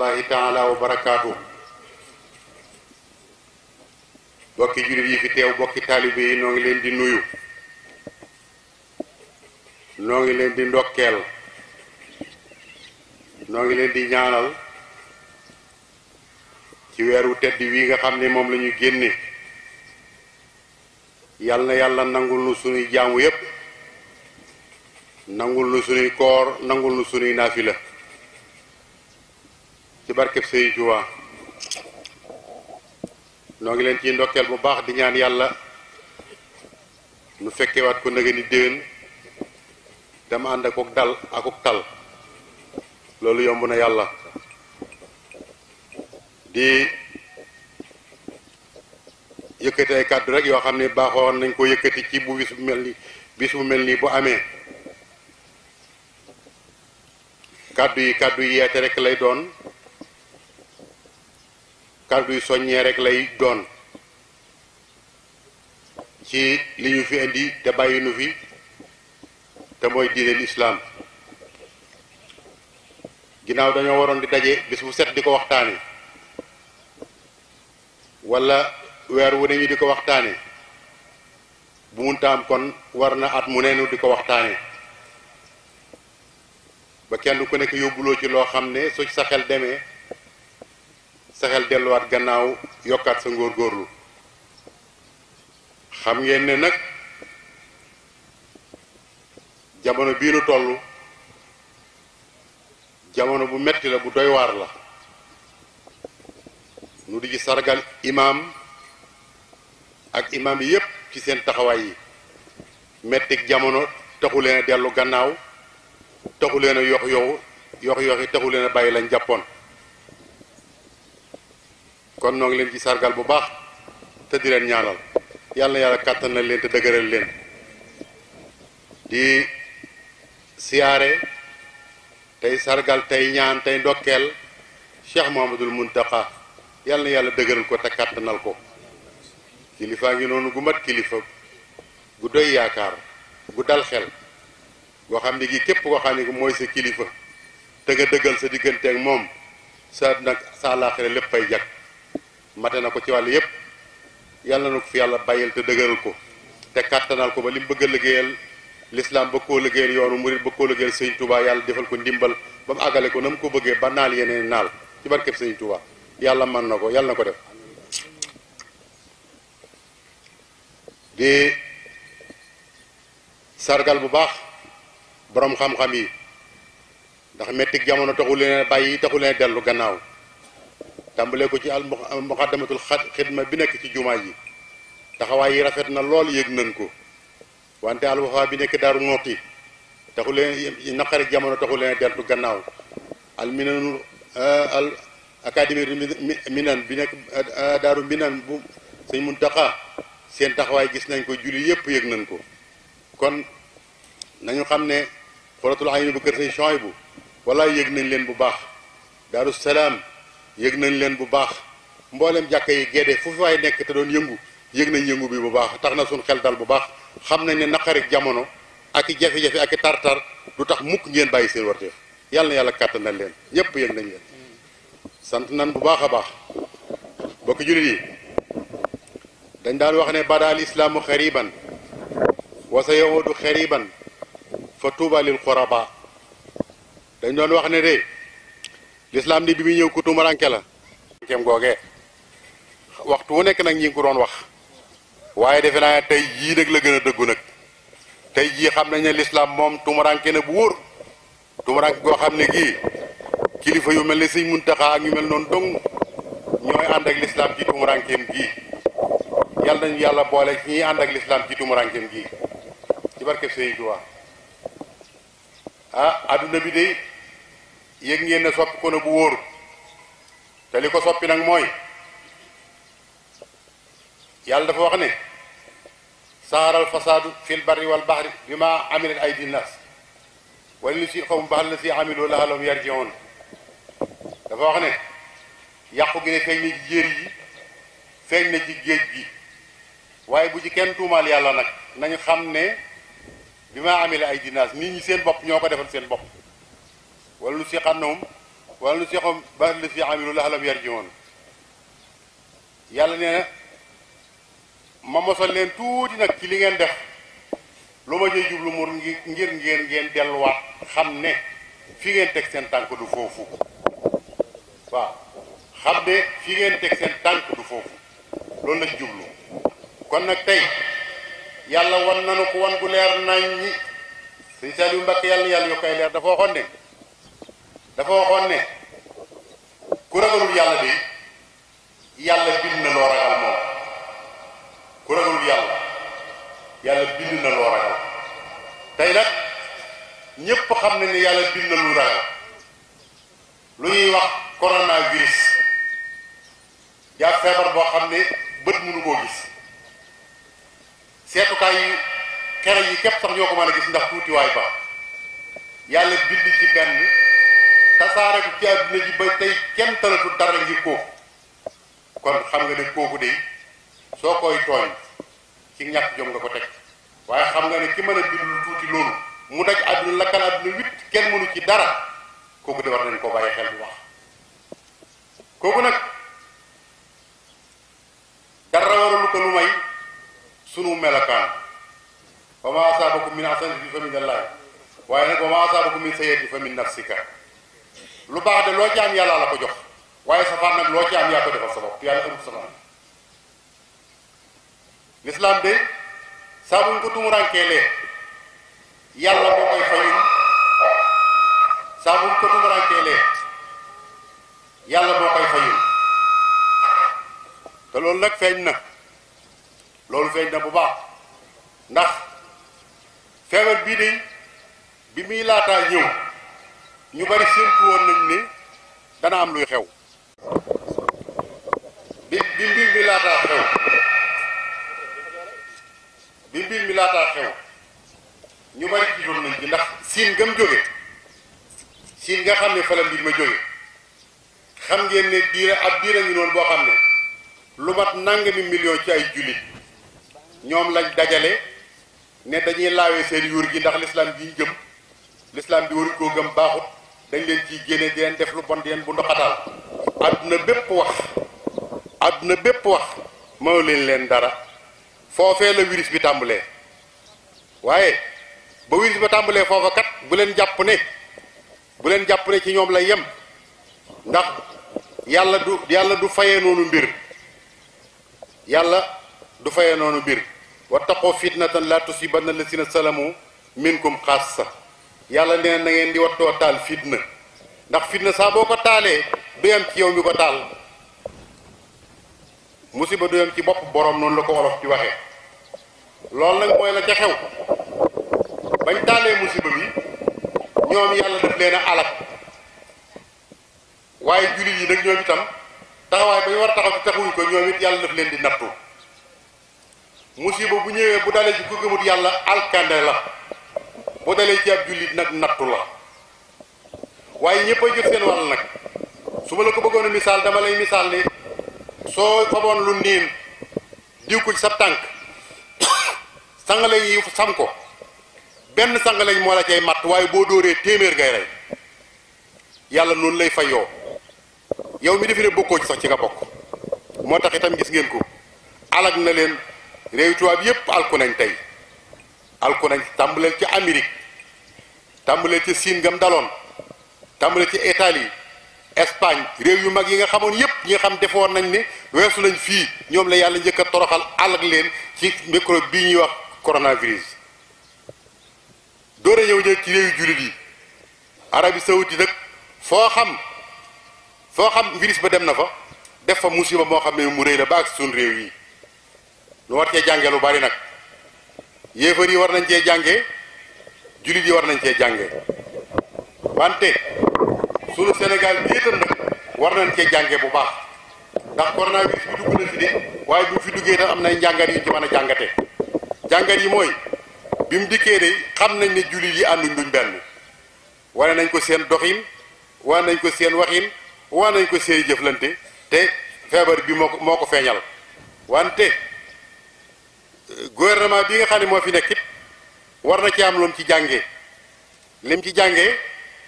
rahmatullahi taala wa barakaatu bokki jullit yi fi teew bokki taalibe yi noo ngi leen di nuyu noo ngi leen di ndokkeel noo ngi leen di ñaanal ci weeru tedd wii nga xam ne moom la génne yal na yàlla nangul nu sunuy jaamu yépp nangul nu sunuy koor nangul nu sunuy naafila ci barkeb sëy juwa noo ngi leen ciy ndokkeel bu baax di ñaan yàlla nu fekkewaat ko nëgë ni déwén dama ànd akuk dal akuk tal loolu yomb na yàlla di yëkkati ay kàddu rek yoo xam ne baaxoon nañ koo yëkkati ci bu bis mel ni bu mel nii bu amee kàddu yi kàddu yi yeete rek lay doon kàddu yu soññee rek lay doon ci li ñu fi indi te bàyyi nu fi te mooy diineel islaam ginnaaw dañoo waroon di daje bis bu set di ko waxtaane wala weer wu ne ñu di ko waxtaane bu mun taam kon war na at mu neenu di ko waxtaane ba kenn ku nekk yóbbuloo ci loo xam ne su sa xel demee sa xel delluwaat gannaaw yokkaat sa ngóorgóorlu xam ngeen ne nag jamono bii nu toll jamono bu metti la bu doy waar la nu di sargal imaam ak imaam yi yépp ci seen taxawaay yi mettik jamono taxu leen dellu gannaaw taxu leen a yox yoxu yox yoxi taxu leen a bàyyi lañ jàppoon kon noo ngi leen ci sargal bu baax te di leen ñaanal yàlla na yàlla kàttanal leen te dëgëral leen di siyaare tey sargal tey ñaan tey ndokkeel Cheikh Mouhamadoul Mountakha yàlla na yàlla dëgëral ko te kàttanal ko kilifaa ngi noonu gu mat kilifa gu doy yaakaar gu dal xel goo xam ne gi képp koo xam mooy sa kilifa te nga dëggal sa digganteeg moom sa nag sa àllaaxira lépp fay jag mate na ko ci wàll yépp yàlla na ko fi yàlla bàyyil te dëgëral ko te kàttanal ko ba li mu bëgg a liggéeyal lislaam bëgg koo liggéeyal yoonu murit bëgg koo liggéeyal sëñ Touba yàlla defal ko ndimbal ba mu àggale ko na mu ko bëggee ba naal yeneen naal ci barkeb sëñ Touba yàlla mën na ko yàlla na ko def di sargal bu baax boroom xam-xam yi ndax metti jamono taxu leen bàyyi taxu leen dellu gannaaw tàmbalee ko ci al muqaddamatul xidma bi nekk ci jumaa yi taxawaay yi rafet na lool yëg nañ ko wante al wafa bi nekk daaru mooti taxu leen naqari jamono taxu leen deltu gannaaw al minanul euh, al académie minan bi nekk euh, daaru minan bu sëñ Muntaxa seen taxawaay gis nañ ko julli yépp yëg nañ ko kon nañu xam ne xoolatul ayni bu kër sëñ Chouaïbou wala yëg nañ leen bu baax daaru salaam yëg nañ leen bu baax mboolem jàkka yi gédde fu fay nekk te doon yëngu yëg nañ yëngu bi bu baax tax na suñ xel dal bu baax xam nañ ne naqari jamono ak i jafe-jafe ak i tar-tar du tax mukk ngeen bàyyi seen warteef yàlla na yàlla kàttan nañ leen ñëpp yëg nañ leen sant nañ bu baax a baax bokk jullit yi dañ daan wax ne bada al islaamu xariban wa sa yahudu xariban fa tuuba lil xuraba dañ doon wax ne de lislaam ni bi muy ñëw ku tumaranke la kem googee waxtu wu nekk nag ñi ngi ko doon wax waaye defe naa tey jii nag la gën a dëggu nag tey jii xam nañ ne lislaam moom tumaranke na bu wóor tumaranke goo xam ne gii kilifa yu mel ni ne sëñ Muntaxa ak ñu mel noonu dong ñooy ànd ak lislaam ci tumurankeem gii yàlla nañu yàlla boole ci ñiy ànd ak lislaam ci tumurankeem gii ci barkeb Sëriñ Tuubaa ah adduna bi de yëg ngeen ne soppi ko bu wóoru te li ko soppi nag mooy yàlla dafa wax ne saaral fasaadu fil barri wal bahri bi ma amilat aydi nas wala ni si xaw ma baax la si yar laalum yarjiun dafa wax ne yàqu gi ne feeñ na ci jéer yi feeñ na ci géej gi waaye bu ci kenn tuumaal yàlla nag nañu xam ne bi ma amila aydi nas nit ñi seen bopp ñoo ko defal seen bopp wala nu siqannahum wala nu siqom baax la si amilu laxalam yarjiwoon yàlla nee na ma mosal leen tuuti nag ci li ngeen def lu ma jëy jublu mur ngir ngeen ngeen delluwaat xam ne fii ngeen teg seen tànk du foofu waaw xam ne fi ngeen teg seen tànk du foofu loolu lañ jublu kon nag tey yàlla wan nanu ko wan gu leer nañ ñi sëñ Saliou Mbacke yàlla yàlla yokkay leer dafa waxoon ne dafa waxoon ne ku ragalul yàlla de yàlla bind na loo ragal moom ku ragalul yàlla yàlla bind na loo ragal tey nag ñépp xam ne ni yàlla bind na lu ragal lu ñuy wax coronavirus yaa feebar boo xam ne bët mënu koo gis seetukaay yi xere yi képp sax ñoo ko mën a gis ndax tuutiwaay ba yàlla bind ci benn tasaare bi ci àdduna ji ba tey kenn talatu dara ngi kooku kon xam nga ne kooku de soo koy tooñ ci ñàkk jom nga ko teg waaye xam nga ne ki mën a bind lu tuuti loolu mu daj àdduna lakkal àdduna witt kenn mënu ci dara kooku de war nañ koo bàyyi xel bu wax kooku nag dara waralu ko lu may sunu melokaan wa ma asaabakum min hasanatin fa min allahi waaye nag wa ma asaabakum min sayyi'atin fa min nafsika lu baax de loo ci am yàlla la ko jox waaye safaan nag loo ci am yaa ko defal sa bopp yàlla amul lislaam de saa buñ ko tumuraankee lee yàlla moo koy fayul te loolu nag feeñ na loolu feeñ na bu baax ndax feebar bii de bi muy laataa ñëw ñu bari séntu won nañ ni dana am luy xew bi bi mbir mi laataa xew ñu bari ci doon nañ ci ndax siin gam jóge siin nga xam ne fa la ma jóge xam ngeen ne diira ab diira ngi noonu boo xam ne lu mat nangami million ci ay jullit ñoom lañ dajale ne dañuy laawee seen yuur gi ndax lislaam ji ñu jëm lislaam bi waruñ koo gëm baaxut dañ leen ciy génne di leen def lu bon di leen bu ndoxataal àdduna bépp wax àdduna bépp wax mënu leen leen dara foofee la virus bi tàmbalee waaye ba virus ba tàmbalee foofa kat bu leen jàpp ne bu leen jàpp ne ci ñoom la yem ndax yàlla du yàlla du fayee noonu mbir yàlla du fayee noonu mbir wattaqoo fitnatan la tusibanna alladina salamu minkum sa yàlla nee na di wattoo taal fitna ndax fitna saa boo ko taalee du ci yow mi ko taal musiba du yem ci bopp borom noonu la ko wolof di waxe loolu nag mooy la ca xew bañ taalee musiba bi ñoom yàlla daf leen a waaye jullit yi nag ñoom itam taxawaay ba ñu war taxaw ci taxawuñ ko ñoom it yàlla daf leen di nattu musiba bu ñëwee bu dalee ci ku gëmut yàlla alkande la bu dalee ci ak jullit nag nattu la waaye ñëpp a jot seen wàll nag su ma la ko bëggoon a misaal dama lay misaal ni soo faboon lu niin diw ko ci sa tànk sangale yi sam ko benn sangale yi moo la cay matt waaye boo dóoree téeméer ngay rey yàlla noonu lay fayoo yow mi defi ne bokkoo ci sax ci nga bokk moo tax itam gis ngeen ko alag na leen réew tubaab yépp alku nañ tey alku nañ tàmbaleel ci Amérique tàmbaleel ci Siin gam daloon tàmbaleel ci Italie Espagne réew yu mag yi nga xamoon yépp ñi nga xam defoon nañ ne weesu nañ fii ñoom la yàlla njëkk a toroxal alak leen ci microbe bi ñuy wax coronavirus doora yow ñëw ci réew yu jullit yi Arabie Saoudite nag foo xam foo xam virus ba dem na fa def fa musiba moo xam ne mu rëy la ba ak suñ réew yi lu war cee jànge lu bari nag yéefar yi war nañ cee jànge jullit yi war nañ cee jànge wante sunu Sénégal bi itam nag war nañ cee jànge bu baax ndax coronavirus bi dugg na fi de waaye bu fi duggee tam am na njàngat yu ci mën a jàngate jàngat yi mooy bi mu dikkee de xam nañ ne jullit yi ànduñ duñ benn wane nañ ko seen doxin wane nañ ko seen waxin wane nañ ko seen jëflante te feebar bi moo ko moo ko feeñal wante gouvernement bi nga xam ne moo fi nekk it war na ci am loom ci jànge lim ci jànge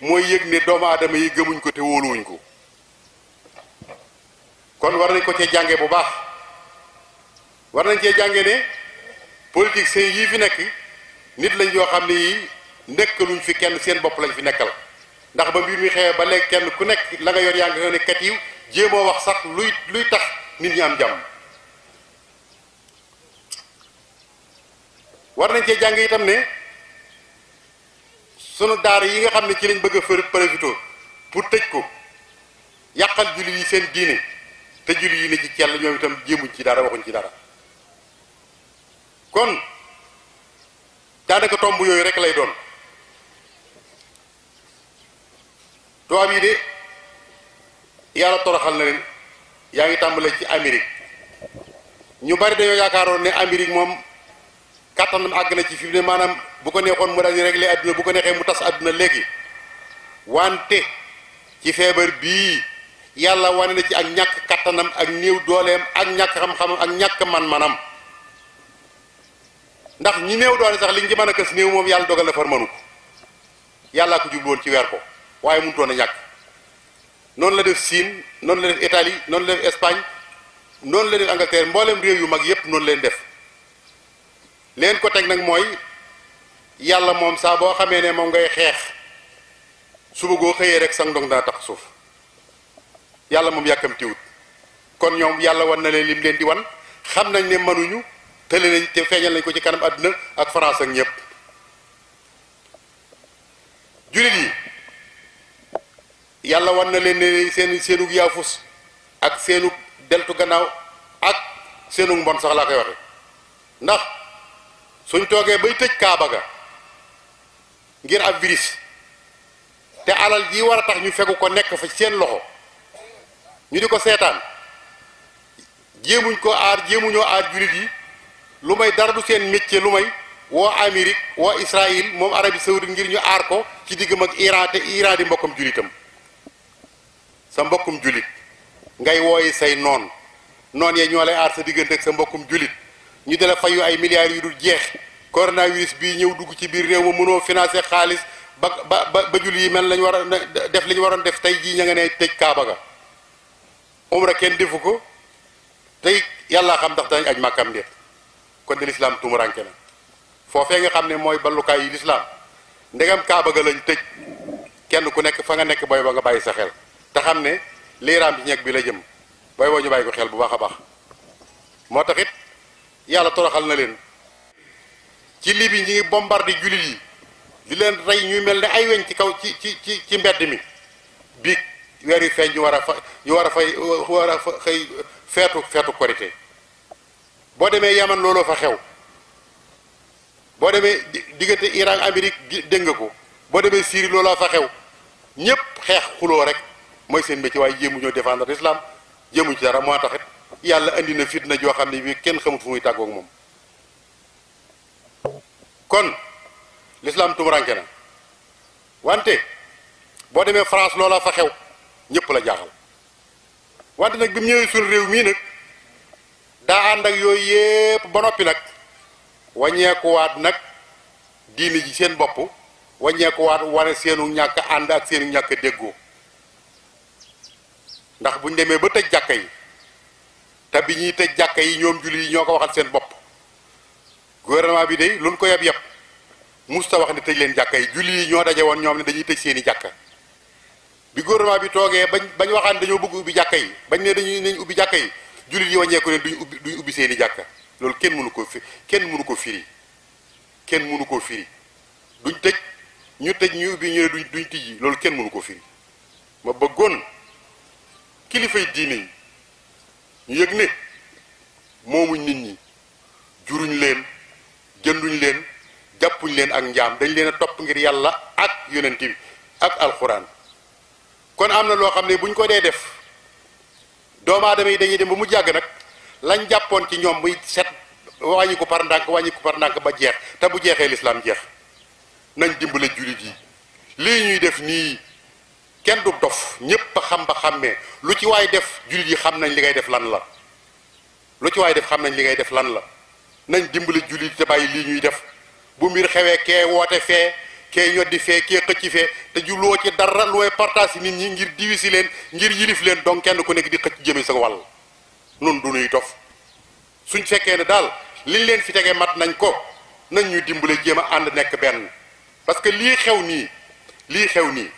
mooy yëg ne doomu aadama yi gëmuñ ko te wóoluwuñ ko kon war nañ ko ci jàngee bu baax war nañ cee jàngee ne politiciens yii fi nekk nit lañ yoo xam ne yii nekkaluñ fi kenn seen bopp lañ fi nekkal ndax ba mbir mi xewee ba léegi kenn ku nekk la nga yor yaa nga ne kat jéemoo wax sax luy luy tax nit ñi am jàmm war nañ cee jàng itam ne sunu daar yi nga xam ne ci lañ bëgg a fër profito pour tëj ko yàqal julli yi seen diine te julli yi ne ci cell ñoom itam jéemuñ ci dara waxuñ ci dara kon daanaka tomb yooyu rek lay doon tubaab yi de yàlla toroxal na leen yaa ngi tàmbalee ci Amérique ñu bari dañoo yaakaaroon ne Amérique moom kattanam àgg na ci fi mu bu ko neexoon mu daal di régler bu ko neexee mu tas adduna léegi wante ci feebar bii yàlla wane na ci ak ñàkk kattanam ak néew dooleem ak ñàkk xam-xamam ak ñàkk man-manam ndax ñi néew doole sax liñ ci mën a kës néew moom yàlla dogal na far ko yàllaa ko jublu woon ci weer ko waaye mënutoon a ñàkk noonu la def Siin noonu la def Italie noonu la def Espagne noonu la def Angleterre mboolem réew yu mag yépp noonu leen def leen ko teg nag mooy yàlla moom saaboo boo xamee ne moom ngay xeex suba goo xëyee rek sang dong daa tax suuf yàlla moom yàkkamtiwut kon ñoom yàlla wan na leen lim leen di wan xam nañ ne mënuñu tële nañ te feeñal nañ ko ci kanam àdduna ak France ak ñëpp jullit yi yàlla wan na leen ne seen seenug yaafus ak seenug deltu gannaaw ak seenug mbon sax laa koy waxe ndax suñ toogee bay tëj kaaba ga ngir ab virus te alal ji war a tax ñu fegu ko nekk fa seen loxo ñu di ko seetaan jéemuñ ko aar jéemuñoo aar jullit yi lu may dara du seen métier lu may woo Amérique woo Israël moom Arabie Saoudite ngir ñu aar ko ci diggam ak Iran te Iran di mbokkum jullitam sa mbokkum jullit ngay wooyi say noon noon yee ñoo lay aar sa diggante ak sa mbokkum jullit ñu dala fayu ay milliards yu dul jeex coronavirus bii ñëw dugg ci biir réew ma mënoo financé xaalis ba ba ba jul yi mel lañ war a def li ñu waroon def tey jii ña nga ne tëj kaaba ga umra kenn defu ko tey yàllaa xam ndax danañ aj màkkam déet kon de lislaam tumuranke na foofee nga xam ne mooy ballukaay yi lislaam ndegam kaaba ga lañ tëj kenn ku nekk fa nga nekk booy ba nga bàyyi sa xel te xam ne liiraam ci ñeg bi la jëm booy boo ñu bàyyi ko xel bu baax a baax moo tax yàlla toroxal na leen ci Libye ñi ngi bombardé jullit yi di leen rey ñuy mel ni ay weñ ci kaw ci ci ci ci mbedd mi biig weer yu feeñ ñu war a fa ñu war a fay war a xëy feetu feetu korité boo demee yaman looloo fa xew boo demee diggante Iran Amérique dégg nga ko boo demee Syrie looloo fa xew ñépp xeex xuloo rek mooy seen métier waaye jéemu ñoo défendre l'islam jéemuñ ci dara moo taxit yàlla indi na na joo xam ne bii kenn xamul fu muy tàggoog moom kon l'islam tumuranke na wante boo demee France loola fa xew ñëpp la jaaxal wante nag bi mu ñëwee suñu réew mii nag daa ànd ak yooyu yépp ba noppi nag wàññeekuwaat nag diini ji seen bopp waat wane seenu ñàkk ànd ak seenu ñàkk déggoo ndax bu ñu demee ba tëj jàkka yi te bi ñuy tëj jàkka yi ñoom julli yi ñoo ko waxal seen bopp gouvernement bi de luñ ko yab yab musta wax ne tëj leen jàkka yi julli yi ñoo daje woon ñoom ne dañuy tëj seeni i jàkka bi gouvernement bi toogee bañ bañ waxaan dañoo bëgg ubbi jàkka yi bañ ne dañuy nañ ubbi jàkka yi jullit yi wàññeeku ne duñ ubbi seeni ubbi jàkka loolu kenn mënu ko fi kenn mënu ko firi kenn mënu ko firi duñ tëj ñu tëj ñu ubbi ñu ne duñ tijji loolu kenn mënu ko firi ma bëggoon kilifay diine ñu yëg ne moomuñ nit ñi juruñ leen jënduñ leen jàppuñ leen ak njaam dañ leen a topp ngir yàlla ak yonent bi ak alxuraan kon am na loo xam ne bu ñu ko dee def doomu aadama yi dañuy dem ba mu jàgg nag lañ jàppoon ci ñoom muy set wàññi ko par ndànk wàññi ko par ndànk ba jeex te bu jeexee lislaam jeex nañ dimbale jullit yi lii ñuy def nii kenn du dof ñépp a xam ba xàmmee lu ci waay def jullit yi xam nañ li ngay def lan la lu ci waay def xam nañ li ngay def lan la nañ dimbali jullit te bàyyi lii ñuy def bu mbir xewee kee woote fee kee ñoddi fee kee xëcc fee te julloo ci dara looy yi nit ñi ngir diwisi leen ngir yilif leen donc kenn ku nekk di xëcc jëme sa wàll nun du nuy dof suñ fekkee ne daal liñ leen fi tege mat nañ ko nañ ñu dimbale jéem a ànd nekk benn parce que lii xew nii lii xew nii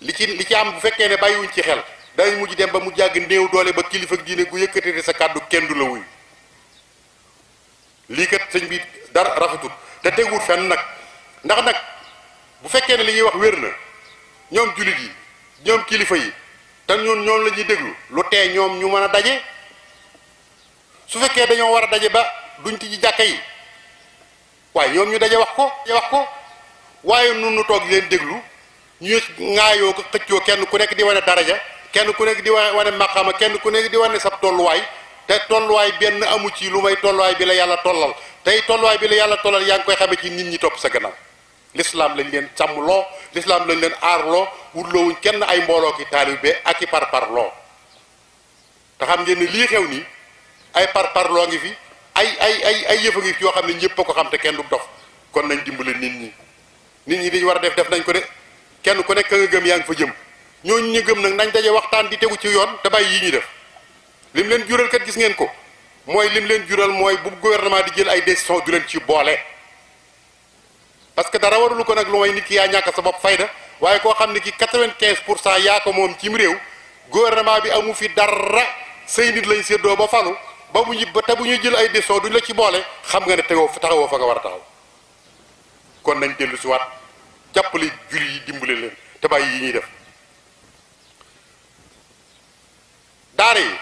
li ci li ci am bu fekkee ne bàyyiwuñ ci xel dañu mujj dem ba mu jàgg néew doole ba kilifa ak diine gu yëkkatee sa kàddu kenn du la wuyu lii kat sëñ bi dara rafetul te teguwut fen nag ndax nag bu fekkee ne li ñuy wax wér na ñoom jullit yi ñoom kilifa yi te ñun ñoom la ñuy déglu lu tee ñoom ñu mën a daje su fekkee dañoo war a daje ba duñ ci jàkka yi waaye ñoom ñu daje wax ko wax ko waaye nun nu toog leen déglu ñuy ŋaayoo ko xëccoo kenn ku nekk di wane daraja kenn ku nekk di wane maqama kenn ku nekk di wane sab tolluwaay te tolluwaay benn amu ci lu may tolluwaay bi la yàlla tollal tey tolluwaay bi la yàlla tollal yaa ngi koy xamee ci nit ñi topp sa gannaaw lislaam lañ leen càmm loo lislaam lañ leen aar loo wuñ kenn ay mbooloo ki taalibe ak i par loo te xam ngeen ni lii xew nii ay par loo ngi fi ay ay ay ay yëfa ngi fi yoo xam ne ñëpp a ko xam te kenn du dof kon nañ dimbale nit ñi nit ñi diñ war a def def nañ ko de kenn ku nekk nga gëm yaa ngi fa jëm ñooñu ñu gëm nag nañ daje waxtaan di tegu ci yoon te bàyyi yi ñuy def lim leen jural kat gis ngeen ko mooy lim leen jural mooy bu gouvernement di jël ay décision du leen ci boole. parce que dara warulu ko nag lu may ki yaa ñàkk sa bopp fayda waaye koo xam ne ki quatre vingt pour cent yaa ko moom cim réew gouvernement bi amu fi dara say nit lañ séddoo ba falu ba bu ba te bu ñuy jël ay décision duñ la ci boole xam nga ne tegoo taxawoo fa nga war a taxaw kon nañ dellu si jàppale julli yi dimbale leen te bàyyi yi ñuy def daara yi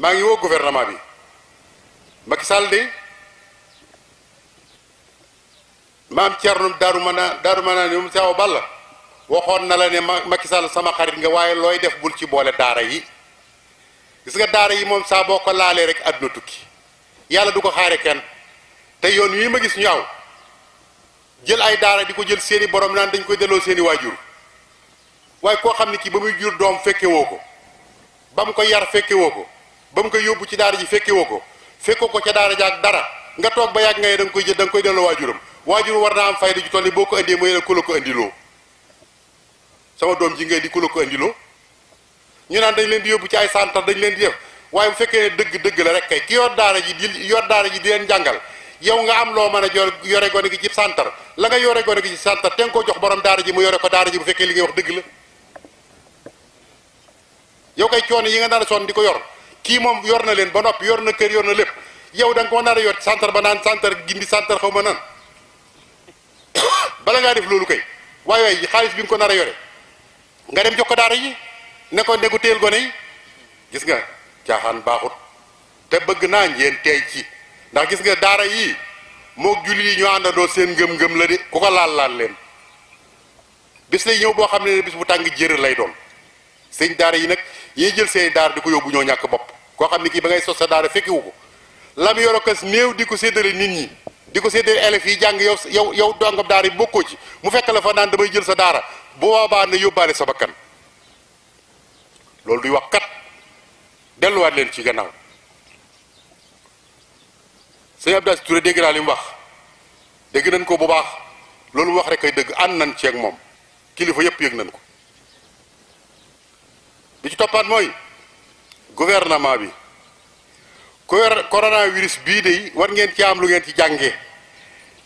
maa ngi woo gouvernement bi Macky Sall de maam ma Darou Mana ma Mana ne mu saaw balla waxoon na la ne Macky Sall sama xarit nga waaye looy def bul ci boole daara yi gis nga daara yi moom saa boo ko laalee rek àdduna tukki yàlla du ko xaare kenn te yoon wii ma gis ñu aw jël ay daara di ko jël seeni borom naan dañ koy delloo seeni waajur waaye koo xam ne kii ba muy jur doom fekke woo ko ba mu ko yar fekkee woo ko ba mu ko yóbbu ci daara ji fekkee woo ko fekkoo ko ca daara jaak dara nga toog ba yàgg nga da nga koy jël da nga koy delloo waajuram waajur war naa am fayda ju toll boo ko indee mooy la ku la ko indiloo sama doom ji ngay di ku la ko indiloo ñu naan dañ leen di yóbbu ci ay santar dañ leen di def waaye bu fekkee dëgg dëgg la rek kay ki ji di yor daara ji di leen jàngal yow nga am loo mën a yore gone gi ci santar la nga yore gone gi ci santar te nga ko jox borom daara ji mu yore ko daara ji bu fekkee li ngay wax dëgg la yow kay coono yi nga nar a di ko yor kii moom yor na leen ba noppi yor na kër yor na lépp yow da nga ko nar a yor santar ba naan santar gindi santar xaw ma nan bala ngaa def loolu kay waaye waaye xaalis bi nga ko nar a yore nga dem jox ko daara ji ne ko ne ko téyel gone yi gis nga caaxaan baaxut te bëgg naa ngeen tey ci ndax gis nga daara yii mook julli yi ñu àndandoo seen ngëm-ngëm la de ku ko laal laal leen bis lay ñëw boo xam ne bis bu tàng jër lay doon sëñ daara yi nag yee jël seen daara di ko yóbbu ñoo ñàkk bopp koo xam ne kii ba ngay sos sa daara fekkiwu ko lam yoro kas néew di ko séddale nit ñi di ko séddale élèves yi jàng yow yow yow dongam daara yi bokkoo ci mu fekk la fa naan damay jël sa daara bu boobaa ne yóbbaale sa bakkan loolu duy wax kat delluwaat leen ci gannaaw sëñ Abdou Aziz Touré dégg naa li mu wax dégg nañ ko bu baax loolu wax rek ay dëgg ànd nañ ceeg moom kilifa yëpp yëg nañ ko bi ci toppaat mooy gouvernement bi coronavirus bii de war ngeen ci am lu ngeen ci jànge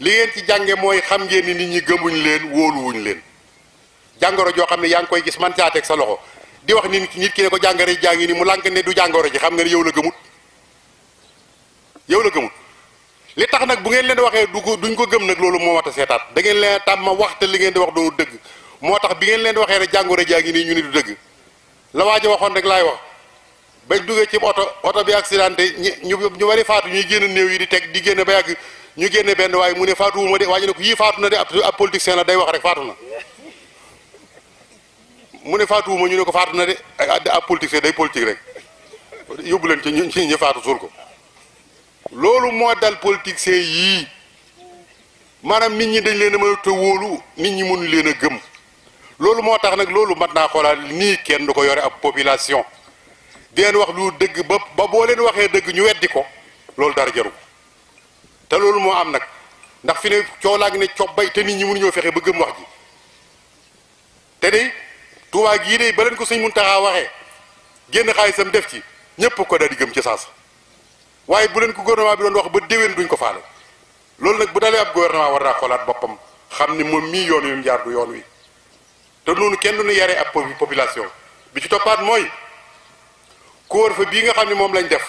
li ngeen ci jànge mooy xam ngeen ni nit ñi gëmuñ leen wóoluwuñ leen jàngoro joo xam ne yaa ngi koy gis man caa teg sa loxo di wax nit nit ki ne ko jàngare jàngi ni mu lànk ne du jàngoro ji xam nga ne yow la gëmut yow la gëmut li tax nag bu ngeen leen waxee du ko duñ ko gëm nag loolu moo mat a seetaat da ngeen leen tàmm waxte li ngeen di wax doonu dëgg moo tax bi ngeen leen di waxee rek jàngoro jaa ngi nii ñu ni du dëgg la waa ji waxoon rek laay wax bañ duggee ci oto oto bi accidenté ñu ñu bari faatu ñuy génn néew yi di teg di génn ba yàgg ñu génne benn waaye mu ne faatu ma de waa ji ne ko yii faatu na de ab politicien la day wax rek faatu na mu ne faatu ma ñu ne ko faatu na de ab politicien day politique rek yóbbu leen ci ñu faatu suul ko loolu moo dal politiciens yii maanaam nit ñi dañ leen a mënut a wóolu nit ñi mënu leen a gëm loolu moo tax nag loolu mat naa xoolaat nii kenn du ko yore ab population di leen wax lu dëgg ba ba boo leen waxee dëgg ñu weddi ko loolu dara jaru te loolu moo am nag ndax fi ne coow laa ngi ne cobbay te nit ñi ñoo fexe ba gëm wax ji te day Tuubaa gii day ba leen ko Sëñ Muntaxa waxee génn xaalisam def ci ñépp ko daal di gëm ci saas waaye bu leen ko gouvernement bi doon wax ba déwén duñ ko faale loolu nag bu dalee ab gouvernement war naa xoolaat boppam xam ni moom mii yoon wi mu jaar du yoon wi te noonu kenn du ñu yaree ab population bi ci toppaat mooy couvre bii nga xam ne moom lañ def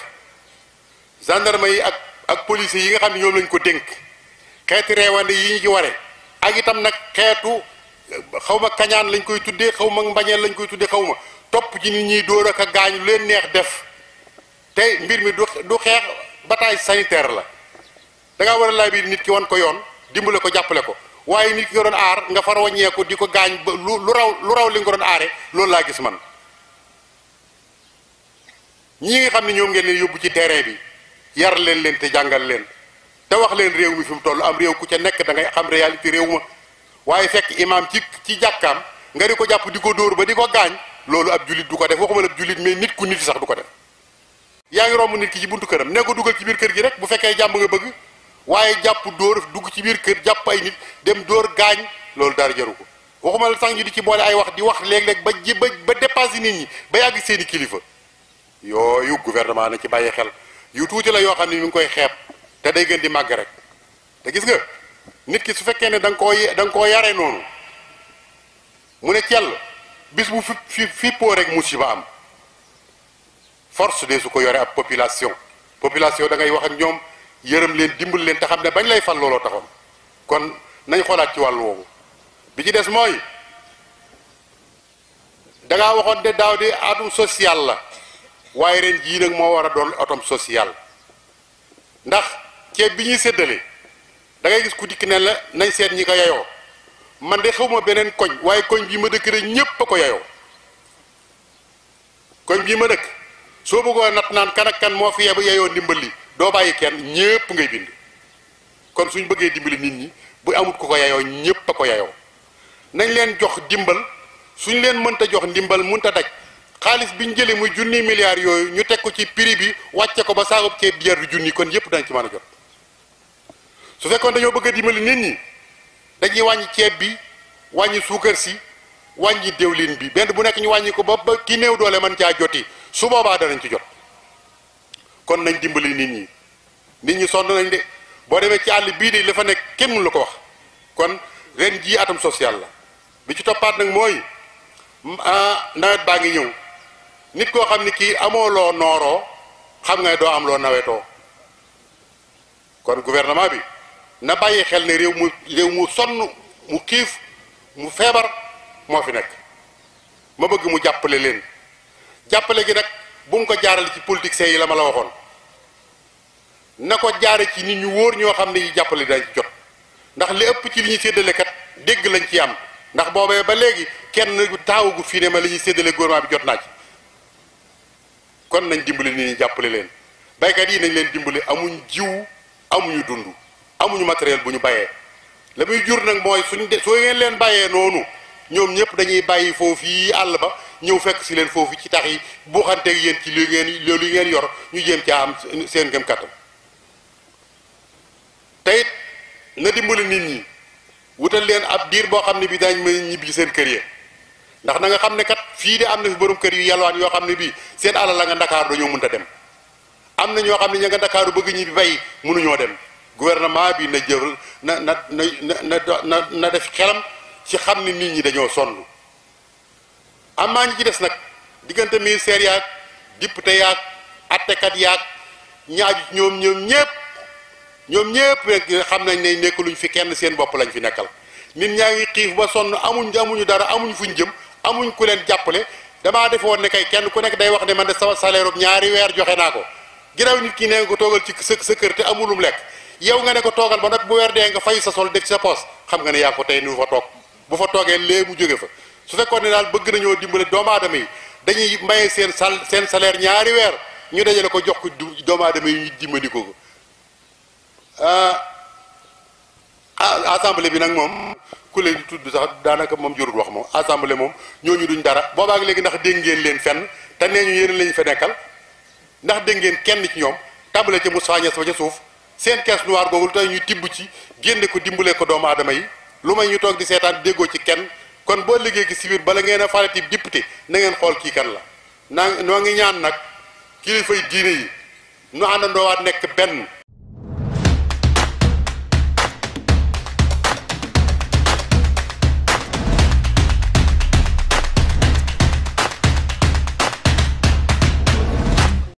gendarme yi ak ak policiers yi nga xam ne ñoom lañ ko dénk xeeti reewande yi ñu ci ware ak itam nag xeetu xaw ma kañaan lañ koy tuddee xaw mag mbañeel lañ koy tuddee xaw ma topp ji nit ñiy dóor ak a gaañ leen neex def te mbir mi du du xeex bataille sanitaire la danga war a laaj bi nit ki wan ko yoon dimbale ko jàppale ko waaye nit ki nga doon aar nga far wàññeeku di ko gaañ ba lu lu raw lu raw li nga aare loolu laa gis man ñi nga xam ne ñoom ngeen leen yóbbu ci terrain bi yar leen leen jàngal leen te wax leen réew mi fi mu toll am réew ku ca nekk da ngay xam réalité réew ma waaye fekk imaam ci ci jàkkaam nga di ko jàpp di ko dóor ba di ko gaañ loolu ab jullit du ko def waxuma la ab jullit mais nit ku nit sax du ko def yaa ngi romb nit ki ci buntu këram ne ko dugal ci biir kër gi rek bu fekkee jàmm nga bëgg waaye jàpp dóor dugg ci biir kër jàpp ay nit dem dóor gaañ loolu dara jaru ko waxuma la sax ñu di ci boole ay wax di wax léeg-léeg ba ji ba ba dépassé nit ñi ba yàgg seeni kilifa yu gouvernement na ci bàyyi xel yu tuuti la yoo xam ne mi ngi koy xeeb te day gën di màgg rek te gis nga nit ki su fekkee ne da nga koo da koo yare noonu mu ne cell bis bu fi fippoo rek musiba am force de su ko yore ab population population da ngay wax ak ñoom yërëm leen dimbal leen te xam ne bañ lay fal looloo taxoon kon nañ xoolaat ci wàll woowu bi ci des mooy da waxoon de daaw di atum social la waaye ren jii nag moo war a doon atom social ndax ceeb bi ñuy séddale dangay gis ku dikk ne la nañ seet ñi ko yayoo man de xawma beneen koñ waaye koñ bii ma dëkk rek ñépp a ko yayoo koñ bii ma dëkk soo bëggoo nat naan kan kan moo fi yeb yeyoo ndimbal li doo bàyyi kenn ñépp ngay bind kon suñ bëggee dimbali nit ñi bu amut ko ko yeyoo ñépp a ko yeyoo nañ leen jox dimbal suñ leen mënta jox ndimbal mënta daj xaalis bi ñu jëlee muy junni milliards yooyu ñu teg ko ci prix bi wàcce ko ba saako ceeb di jar junni kon yépp dañ ci man a jot su fekkoon dañoo bëgg a dimbali nit ñi dañuy wàññi ceeb bi wàññi suukar si wàññi dewlin bi benn bu nekk ñu wàññi ko ba ba ki néew doole mën caa joti su boobaa danañ ci jot kon nañ dimbali nit ñi nit ñi sonn nañ de boo demee ci àll bii de la fa nekk kenn lu ko wax kon ren jii atam social la bi ci toppaat nag mooy ah, nawet baa ngi ñëw nit koo xam ni kii amoo loo nooroo xam nga doo am loo nawetoo kon gouvernement bi na bàyyi xel ne réew mu réew mu sonn mu xiif mu feebar moo fi nekk ma bëgg mu jàppale leen jàppale gi nag bu mu ko jaarale ci politiciens yi la ma la waxoon na ko jaare ci nit ñu wóor ñoo xam ne yi jàppale dañ ci ndax li ëpp ci li ñuy séddale kat dégg lañ ci am ndax boobee ba léegi kenn taawagu fii ne ma li ñuy séddale gouvernement bi jot naa ci kon nañ dimbale nit ñi jàppale leen baykat yi nañ leen dimbali amuñ jiw amuñu dund amuñu matériel bu ñu bayee la muy jur nag mooy suñ de soo ngeen leen bàyyee noonu ñoom ñëpp dañuy bàyyi foofu yi àll ba ñëw fekk si leen foofu ci tax yi buuxanteeg yéen ci li ngeen loolu ngeen yor ñu jéem caa am seen gëm kattan te it na dimbali nit ñi wutal leen ab diir boo xam ne bi daañ ma ñibbi seen kër yi ndax na nga xam ne kat fii de am na fi borom kër yu yalwaan yoo xam ne bii seen alal la nga ndakaar dañoo mënta dem am na ñoo xam ne ña nga ndakaaru bëgg ñibbi bay mënuñoo dem gouvernement bi na jël na na na na na def xelam ci xam ni nit ñi dañoo sonn amaa ñi ci des nag diggante ministère yaag député yaag attekat yaag ñaaju ñoom ñoom ñépp ñoom ñépp rek xam nañ ne nekkuluñ fi kenn seen bopp lañ fi nekkal nit ñaa ngi xiif ba sonn amuñ amuñu dara amuñ fuñ jëm amuñ ku leen jàppale damaa defe woon ne kay kenn ku nekk day wax ne man de sama salaire ñaari weer joxe naa ko ginaaw nit ki nee nga ko toogal ci sa sa kër te amulum lekk yow nga ne ko toogal ba nag bu weer dee nga fay sa sol def sa poos xam nga ne yaa ko tey nu fa toog bu fa toogee lee mu jóge fa su fekkoon ne daal bëgg nañoo dimbale doomu aadama yi dañuy maye seen sal seen salaire ñaari weer ñu dajale ko jox ko doomu aadama yi ñu dimbali ko ah, ah, assemblée bi nag moom ku leen di tudd sax daanaka moom jurul wax moom assemblée moom ñooñu duñ dara boobaak léegi ndax dégg ngeen leen fenn te nee ñu yéen lañ fa nekkal ndax dégg ngeen kenn ci ñoom tàmbale ca Moussa Niass ba ca suuf seen caisse noire googu tey ñu tibb ci génne ko dimbale ko doomu aadama yi lu may ñu toog di seetaan déggoo ci kenn kon boo liggéey gi si biir bala ngeen a farati député na ngeen xool kii kan la naa noo ngi ñaan nag kilifay diine yi nu waat nekk benn